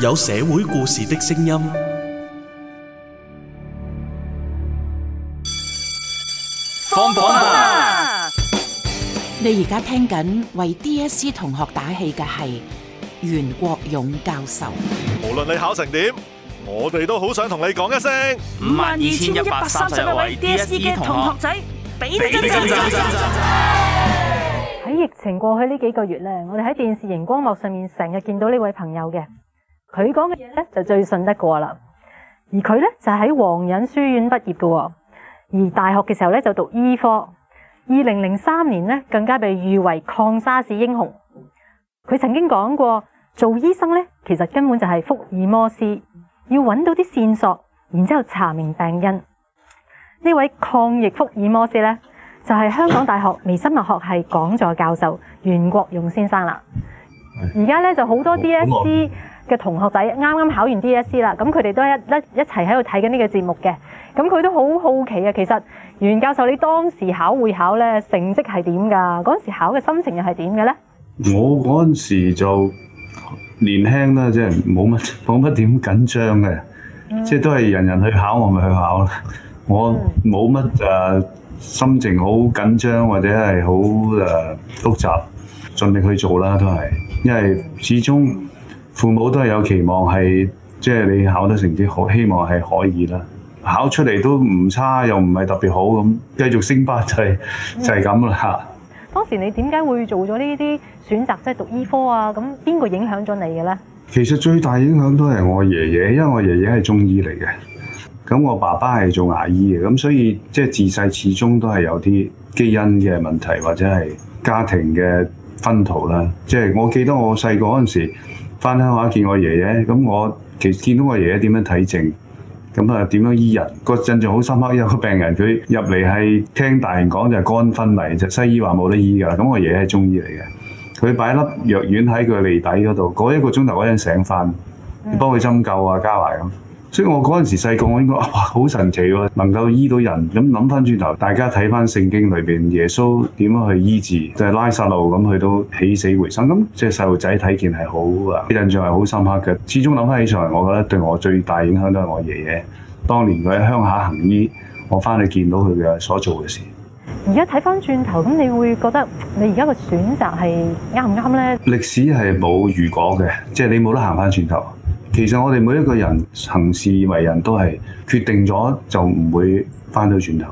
有社會故事的聲音。放榜啦！你而家聽緊為 DSE 同學打氣嘅係袁國勇教授。無論你考成點，我哋都好想同你講一聲。五萬二千一百三十一位 DSE 嘅同學仔，俾掌聲！喺疫情過去呢幾個月咧，我哋喺電視熒光幕上面成日見到呢位朋友嘅。佢講嘅嘢咧就最信得過啦，而佢咧就喺、是、皇仁書院畢業喎。而大學嘅時候咧就讀醫、e、科。二零零三年咧更加被譽為抗沙士英雄。佢曾經講過，做醫生咧其實根本就係福爾摩斯，要揾到啲線索，然之後查明病因。呢位抗疫福爾摩斯咧就係、是、香港大學微生物學系講座教授袁國勇先生啦。而家咧就好多 DSC 嘅同學仔啱啱考完 DSE 啦，咁佢哋都一一一齊喺度睇緊呢個節目嘅，咁佢都好好奇啊！其實袁教授你當時考會考呢，成績係點㗎？嗰陣時考嘅心情又係點嘅呢？我嗰陣時就年輕啦，即係冇乜冇乜點緊張嘅，即係都係人人去考我咪去考啦。我冇乜誒心情好緊張或者係好誒複雜，盡力去做啦都係，因為始終。父母都係有期望係，係即係你考得成績好，希望係可以啦。考出嚟都唔差，又唔係特別好咁，繼續升班就係、就係咁啦嚇。當時你點解會做咗呢啲選擇，即係讀醫科啊？咁邊個影響咗你嘅咧？其實最大影響都係我爺爺，因為我爺爺係中醫嚟嘅，咁我爸爸係做牙醫嘅，咁所以即係、就係、自細始終都係有啲基因嘅問題，或者係家庭嘅分途啦。即、就、係、係、我記得我細個嗰陣時候。返鄉下見我爺爺，咁我其實見到我爺爺點樣睇症，咁就點樣醫人，嗰個印象好深刻。有個病人佢入嚟係聽大人講就係肝昏迷，西醫話冇得醫㗎啦。咁我爺爺係中醫嚟嘅，佢擺粒藥丸喺佢脷底嗰度，嗰一個鐘頭嗰陣醒返，你幫佢針灸啊，加埋咁啊。所以我嗰陣時細個，我應該哇好神奇喎、哦，能夠醫到人。咁諗返轉頭，大家睇返聖經裏面，耶穌點樣去醫治，就係、是、拉撒路咁，佢都起死回生。咁即係細路仔睇見係好啊，印象係好深刻㗎。始終諗返起上嚟，我覺得對我最大影響都係我爺爺當年佢喺鄉下行醫，我返去見到佢嘅所做嘅事。而家睇返轉頭，咁你會覺得你而家嘅選擇係啱唔啱呢？歷史係冇如果嘅，即、就、係、是、你冇得行返轉頭。其實我哋每一個人行事為人都係決定咗就唔會返到轉頭。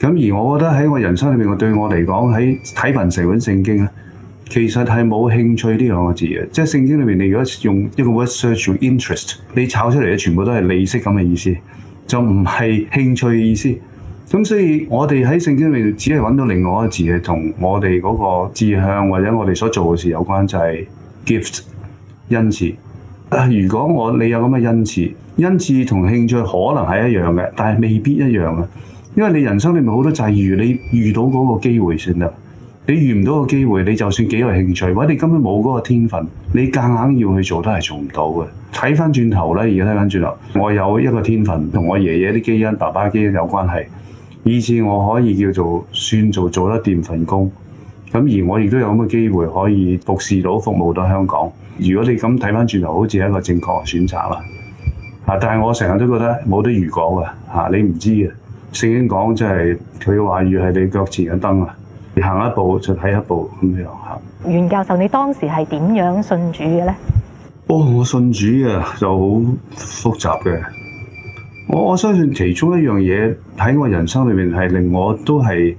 咁而我覺得喺我人生裏面，我對我嚟講喺睇文時揾聖經咧，其實係冇興趣呢兩個字嘅。即係聖經裏邊，你如果你用一個 research interest，你炒出嚟嘅全部都係利息咁嘅意思，就唔係興趣嘅意思。咁所以我哋喺聖經裏面只係揾到另外一個字係同我哋嗰個志向或者我哋所做嘅事有關，就係、是、gift，恩賜。如果我你有咁嘅恩賜，恩賜同興趣可能係一樣嘅，但係未必一樣嘅，因為你人生裏面好多際遇，你遇到嗰個機會，算了你遇唔到個機會，你就算幾有興趣，或者你根本冇嗰個天分，你夾硬要去做都係做唔到嘅。睇翻轉頭呢，而家睇翻轉頭，我有一個天分，同我爺爺啲基因，爸爸的基因有關係，以前我可以叫做算做做得掂份工。咁而我亦都有咁嘅機會可以服侍到、服務到香港。如果你咁睇返轉頭，好似係一個正確嘅選擇啦、啊。但係我成日都覺得冇得如果嘅，你唔知嘅。聖經講即係佢話語係你腳前嘅燈啊，你行、啊就是啊、一步就睇一步咁樣嚇、啊。袁教授，你當時係點樣信主嘅呢？哦，我信主啊，就好複雜嘅。我我相信其中一樣嘢喺我人生裏面係令我都係。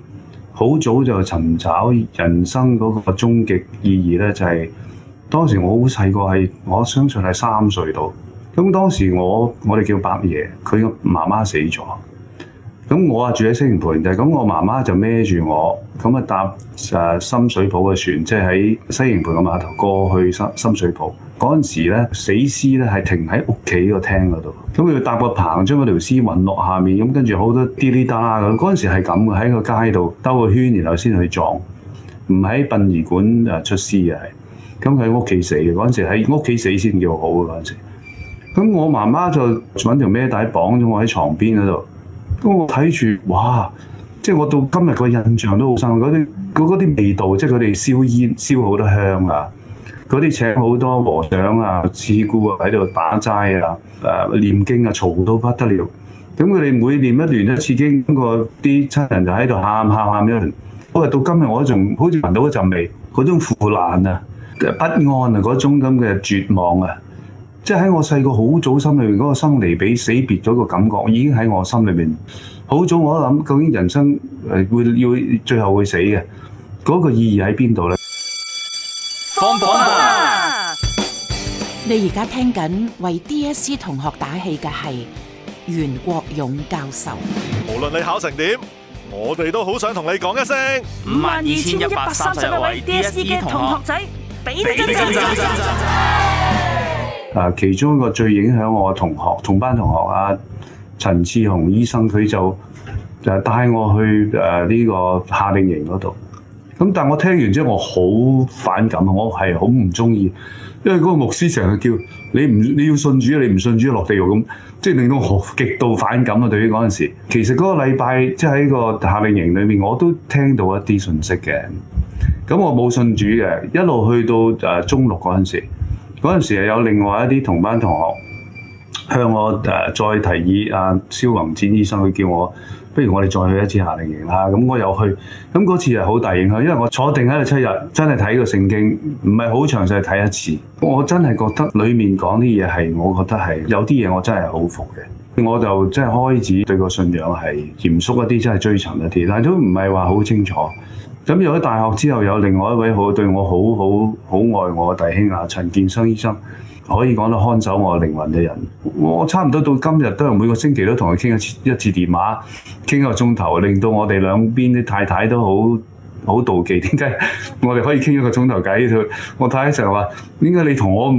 好早就尋找人生嗰個終極意義呢，就係、是、當時我好細個，係我相信係三歲度。咁當時我我哋叫伯爺，佢媽媽死咗。咁我啊住喺西營盤係咁，我媽媽就孭住我咁啊搭深水埗嘅船，即係喺西營盤個碼頭過去深，深水埗嗰陣時呢，死屍呢係停喺屋企個廳嗰度。咁佢搭個棚將嗰條屍搵落下面，咁跟住好多滴哩嗒咁，嗰陣時係咁喺個街度兜個圈，然後先去撞，唔喺殯儀館出屍啊，係咁喺屋企死嘅嗰陣時喺屋企死先叫我好嘅嗰陣時。咁我媽媽就揾條孭帶綁咗我喺床邊嗰度。咁我睇住，嘩，即係我到今日個印象都好深，嗰啲嗰啲味道，即係佢哋燒煙燒好多香啊！嗰啲請好多和尚啊、寺姑啊喺度打齋啊、啊念唸經啊，嘈到不得了。咁佢哋每唸一段一次經過，個啲親人就喺度喊喊喊咁樣。我話到今日我仲好似聞到嗰陣味，嗰種腐爛啊、不安啊嗰種咁嘅絕望啊！即係喺我細個好早的心裏面嗰、那個生離比死別咗個感覺，已經喺我心裏面好早我一。我都諗究竟人生誒會要最後會死嘅，嗰、那個意義喺邊度咧？放榜啦！你而家聽緊為 D S E 同學打氣嘅系袁國勇教授。無論你考成點，我哋都好想同你講一聲：五萬二千一百三十位 D S E 嘅同學仔，俾真爭誒，其中一個最影響我嘅同學，同班同學啊，陳志雄醫生，佢就誒帶我去誒呢個夏令營嗰度。咁但係我聽完之後，我好反感，我係好唔中意，因為嗰個牧師成日叫你唔你要信主啊，你唔信主啊落地獄咁，即係令到我極度反感啊！對於嗰陣時，其實嗰個禮拜即係喺個夏令營裏面，我都聽到一啲訊息嘅。咁我冇信主嘅，一路去到誒中六嗰陣時。嗰陣時有另外一啲同班同學向我誒再提議，阿蕭宏展醫生佢叫我，不如我哋再去一次夏令營啦。咁我又去，咁嗰次係好大影響，因為我坐定喺度七日，真係睇個聖經，唔係好詳細睇一次。我真係覺得裏面講啲嘢係，我覺得係有啲嘢我真係好服嘅。我就真係開始對個信仰係嚴肅一啲，真係追尋一啲，但都唔係話好清楚。咁入咗大學之後，有另外一位好對我好好好，好愛我嘅弟兄啊，陳建生醫生，可以講得看守我靈魂嘅人。我差唔多到今日都係每個星期都同佢傾一次一次電話，傾一個鐘頭，令到我哋兩邊啲太太都好好妒忌，點解我哋可以傾一個鐘頭偈？我太太我太成日話，點解你同我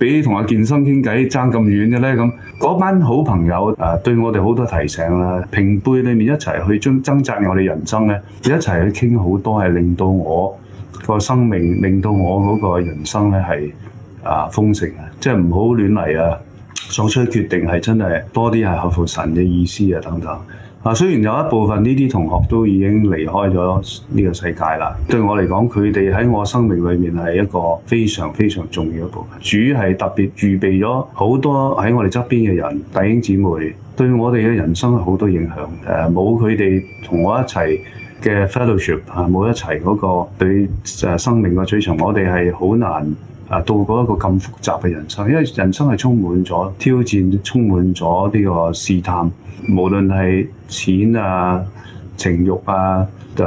俾同阿健身傾偈差咁遠嘅呢，咁嗰班好朋友、啊、對我哋好多提醒啦、啊，平輩裡面一齊去爭掙扎我哋人生呢，一齊去傾好多係令到我個生命，令到我嗰個人生呢係啊豐盛嘅，即係唔好亂嚟呀、啊，做出決定係真係多啲係合乎神嘅意思呀、啊，等等。嗱，雖然有一部分呢啲同學都已經離開咗呢個世界啦，對我嚟講，佢哋喺我生命裏面係一個非常非常重要嘅部分。主要係特別預備咗好多喺我哋側邊嘅人弟兄姊妹，對我哋嘅人生好多影響。冇佢哋同我一齊嘅 fellowship 啊，冇一齊嗰個對生命嘅追求，我哋係好難。啊，度過一個咁複雜嘅人生，因為人生係充滿咗挑戰，充滿咗呢個試探。無論係錢啊、情慾啊、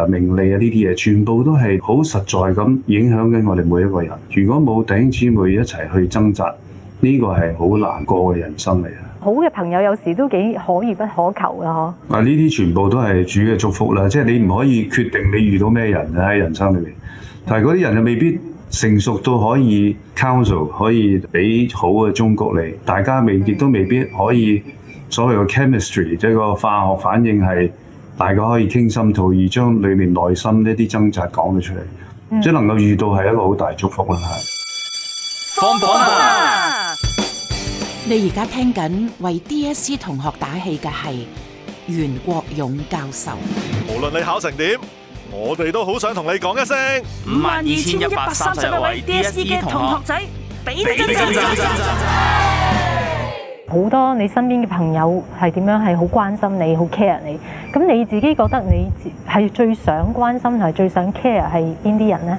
名利啊呢啲嘢，全部都係好實在咁影響緊我哋每一個人。如果冇弟兄姊妹一齊去掙扎，呢個係好難過嘅人生嚟。好嘅朋友有時都幾可遇不可求呀。啊，呢啲全部都係主嘅祝福啦，即係你唔可以決定你遇到咩人喺人生裏面，但係嗰啲人又未必。成熟到可以 counsel，可以俾好嘅忠告嚟，大家未亦都未必可以所謂嘅 chemistry，即係個化學反應係大家可以傾心吐意，意將裡面內心呢啲掙扎講咗出嚟。即係、嗯、能夠遇到係一個好大祝福啦。放榜啦！你而家聽緊為 DSE 同學打氣嘅係袁國勇教授。無論你考成點。我哋都好想同你講一聲，五萬二千一百三十位 DSE 嘅同學仔，俾啲真心仔。好多你身邊嘅朋友係點樣，係好關心你，好 care 你。咁你自己覺得你係最想關心，係最想 care 係邊啲人咧？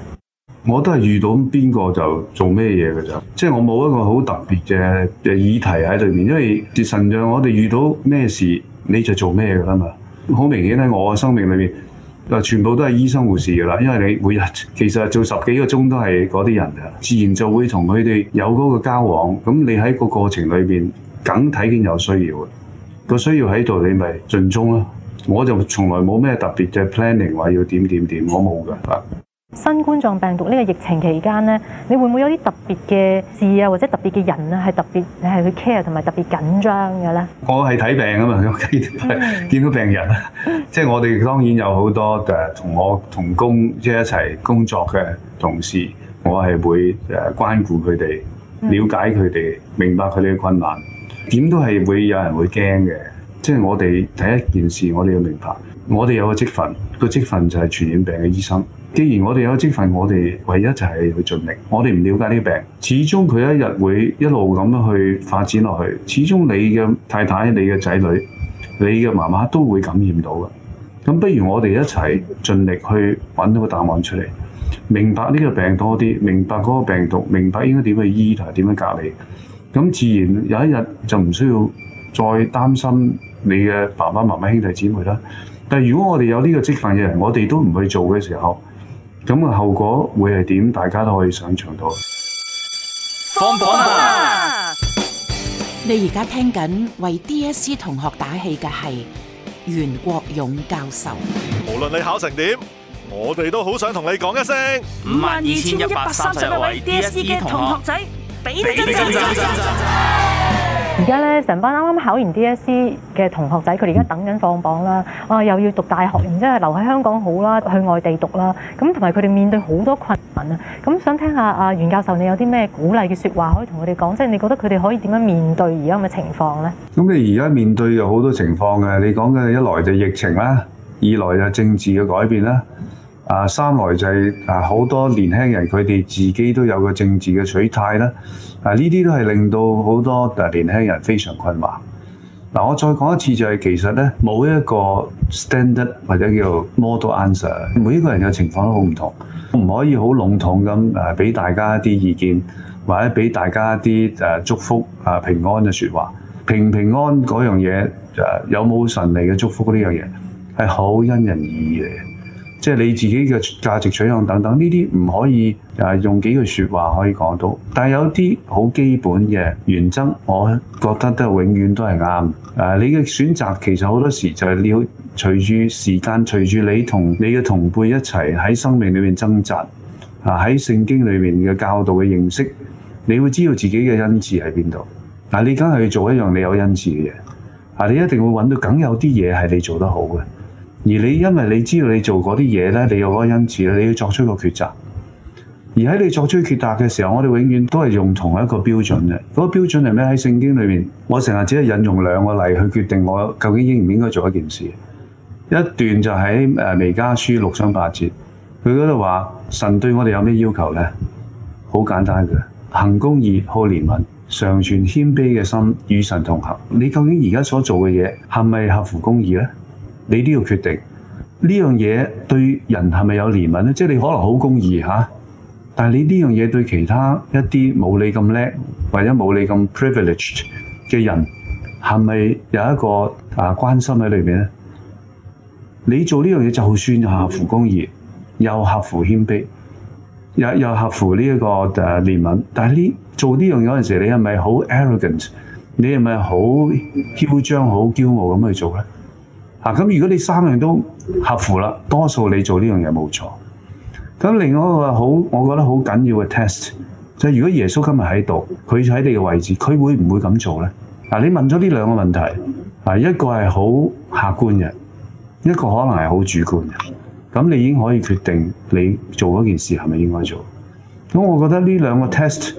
我都係遇到邊個就做咩嘢嘅咋，即係我冇一個好特別嘅嘅議題喺裏面，因為神像，我哋遇到咩事你就做咩嘅啦嘛。好明顯喺我嘅生命裏面。全部都係醫生護士㗎啦，因為你每日其實做十幾個鐘都係嗰啲人嘅，自然就會同佢哋有嗰個交往。咁你喺個過程裏面梗睇見有需要嘅，個需要喺度，你咪盡忠啦。我就從來冇咩特別嘅 planning 話要點點點，我冇㗎。新冠狀病毒呢個疫情期間咧，你會唔會有啲特別嘅事啊，或者特別嘅人啊，係特別你係去 care 同埋特別緊張嘅咧？我係睇病啊嘛，見到病人啊，即係我哋當然有好多誒同我同工即係一齊工作嘅同事，我係會誒關顧佢哋，了解佢哋，明白佢哋嘅困難，點都係會有人會驚嘅。即係我哋第一件事，我哋要明白，我哋有個積分，個積分就係傳染病嘅醫生。既然我哋有個積分，我哋唯一就係去盡力。我哋唔了解呢個病，始終佢一日會一路咁樣去發展落去。始終你嘅太太、你嘅仔女、你嘅媽媽都會感染到嘅。咁不如我哋一齊盡力去揾到一個答案出嚟，明白呢個病多啲，明白嗰個病毒，明白應該點去醫同埋點樣隔離。咁自然有一日就唔需要再擔心。你嘅爸爸媽媽兄弟姊妹啦，但係如果我哋有呢個職份嘅人，我哋都唔去做嘅時候，咁嘅後果會係點？大家都可以想像到。放榜啦！你而家聽緊為 DSE 同學打氣嘅係袁國勇教授。無論你考成點，我哋都好想同你講一聲，五萬二千一百三十位 DSE 嘅同學仔，俾你而家咧，成班啱啱考完 DSE 嘅同學仔，佢哋而家等緊放榜啦。啊，又要讀大學，然之後留喺香港好啦，去外地讀啦。咁同埋佢哋面對好多困難、嗯、啊。咁想聽下阿袁教授，你有啲咩鼓勵嘅説話可以同佢哋講？即係你覺得佢哋可以點樣面對而家咁嘅情況咧？咁你而家面對有好多情況嘅。你講嘅一來就係疫情啦，二來就係政治嘅改變啦。啊，三來就係、係、啊，好多年輕人佢哋自己都有個政治嘅取態啦。嗱，呢啲、啊、都係令到好多年輕人非常困惑。啊、我再講一次就係、是、其實呢，冇一個 standard 或者叫 model answer，每一個人嘅情況都好唔同，唔可以好籠統咁誒俾大家一啲意見，或者俾大家一啲、啊、祝福啊平安嘅説話。平平安嗰樣嘢、啊、有冇順利嘅祝福呢樣嘢係好因人而異嘅。即係你自己嘅價值取向等等，呢啲唔可以用幾句説話可以講到。但有啲好基本嘅原則，我覺得都永遠都係啱。啊，你嘅選擇其實好多時候就係你要隨住時間，隨住你同你嘅同輩一齊喺生命裏面掙扎啊，喺聖經裏面嘅教導嘅認識，你會知道自己嘅恩賜喺邊度。你梗係要做一樣你有恩賜嘅嘢。你一定會揾到梗有啲嘢係你做得好嘅。而你因為你知道你做嗰啲嘢咧，你有嗰個因子，你要作出一個抉擇。而喺你作出的抉擇嘅時候，我哋永遠都係用同一個標準嘅。嗰、嗰個標準係咩？喺聖經裏面，我成日只係引用兩個例去決定我究竟應唔應該做一件事。一段就喺《彌迦書》六章八節，佢嗰度話：神對我哋有咩要求呢？好簡單嘅，行公義，好憐憫，常存謙卑嘅心，與神同行。你究竟而家所做嘅嘢係咪合乎公義呢？」你都要決定呢樣嘢對人係咪有憐憫咧？即係你可能好公義嚇、啊，但係你呢樣嘢對其他一啲冇你咁叻或者冇你咁 privileged 嘅人係咪有一個啊關心喺裏面呢？你做呢樣嘢就好算合乎公義，又合乎謙卑又，又合乎呢一個誒憐憫。但係呢做，做呢樣嘢有陣時，你係咪好 arrogant？你係咪好囂張、好驕傲咁去做咧？嗱，咁、啊、如果你三樣都合乎啦，多數你做呢樣嘢冇錯。咁另外一個好，我覺得好緊要嘅 test 就係，如果耶穌今日喺度，佢喺你嘅位置，佢會唔會咁做咧？嗱、啊，你問咗呢兩個問題，啊、一個係好客觀嘅，一個可能係好主觀嘅。咁你已經可以決定你做嗰件事係咪應該做。咁我覺得呢兩個 test。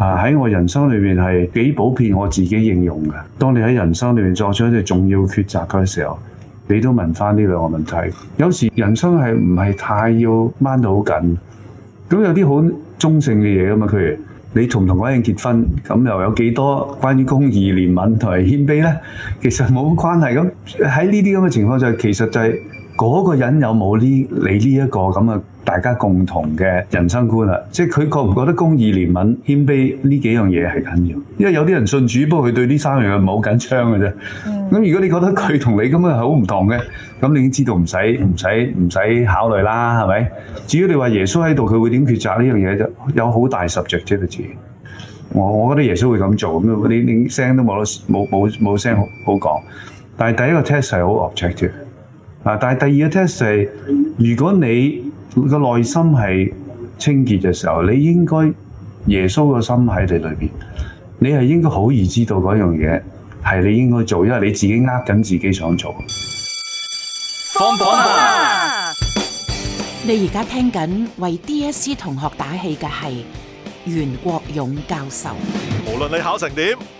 啊！喺我人生裏面係幾普遍，我自己應用㗎。當你喺人生裏面作出一啲重要抉擇嘅時候，你都問返呢兩個問題。有時人生係唔係太要掹到好緊？咁有啲好中性嘅嘢㗎嘛，譬如你同唔同嗰人結婚，咁又有幾多少關於公義、憐憫同埋謙卑呢？其實冇咁關係。咁喺呢啲咁嘅情況下，其實就係、是。嗰個人有冇呢？你呢一個咁大家共同嘅人生觀啦，即係佢覺唔覺得公義敏、憐憫、謙卑呢幾樣嘢係緊要？因為有啲人信主，不過佢對呢三樣嘢唔係好緊張嘅啫。咁、嗯、如果你覺得佢同你咁嘅係好唔同嘅，咁你已經知道唔使唔使唔使考慮啦，係咪？只要你話耶穌喺度，佢會點抉擇呢樣嘢啫？有好大十隻啫，個字。我我覺得耶穌會咁做咁，你你聲都冇得冇冇冇聲好講。但係第一個 test 係好 objective。但係第二個 test 係，如果你個內心係清潔嘅時候，你應該耶穌嘅心喺你裏面。你係應該好易知道嗰樣嘢係你應該做，因為你自己呃緊自己想做。放榜啦！你而家聽緊為 DSC 同學打氣嘅係袁國勇教授。無論你考成點。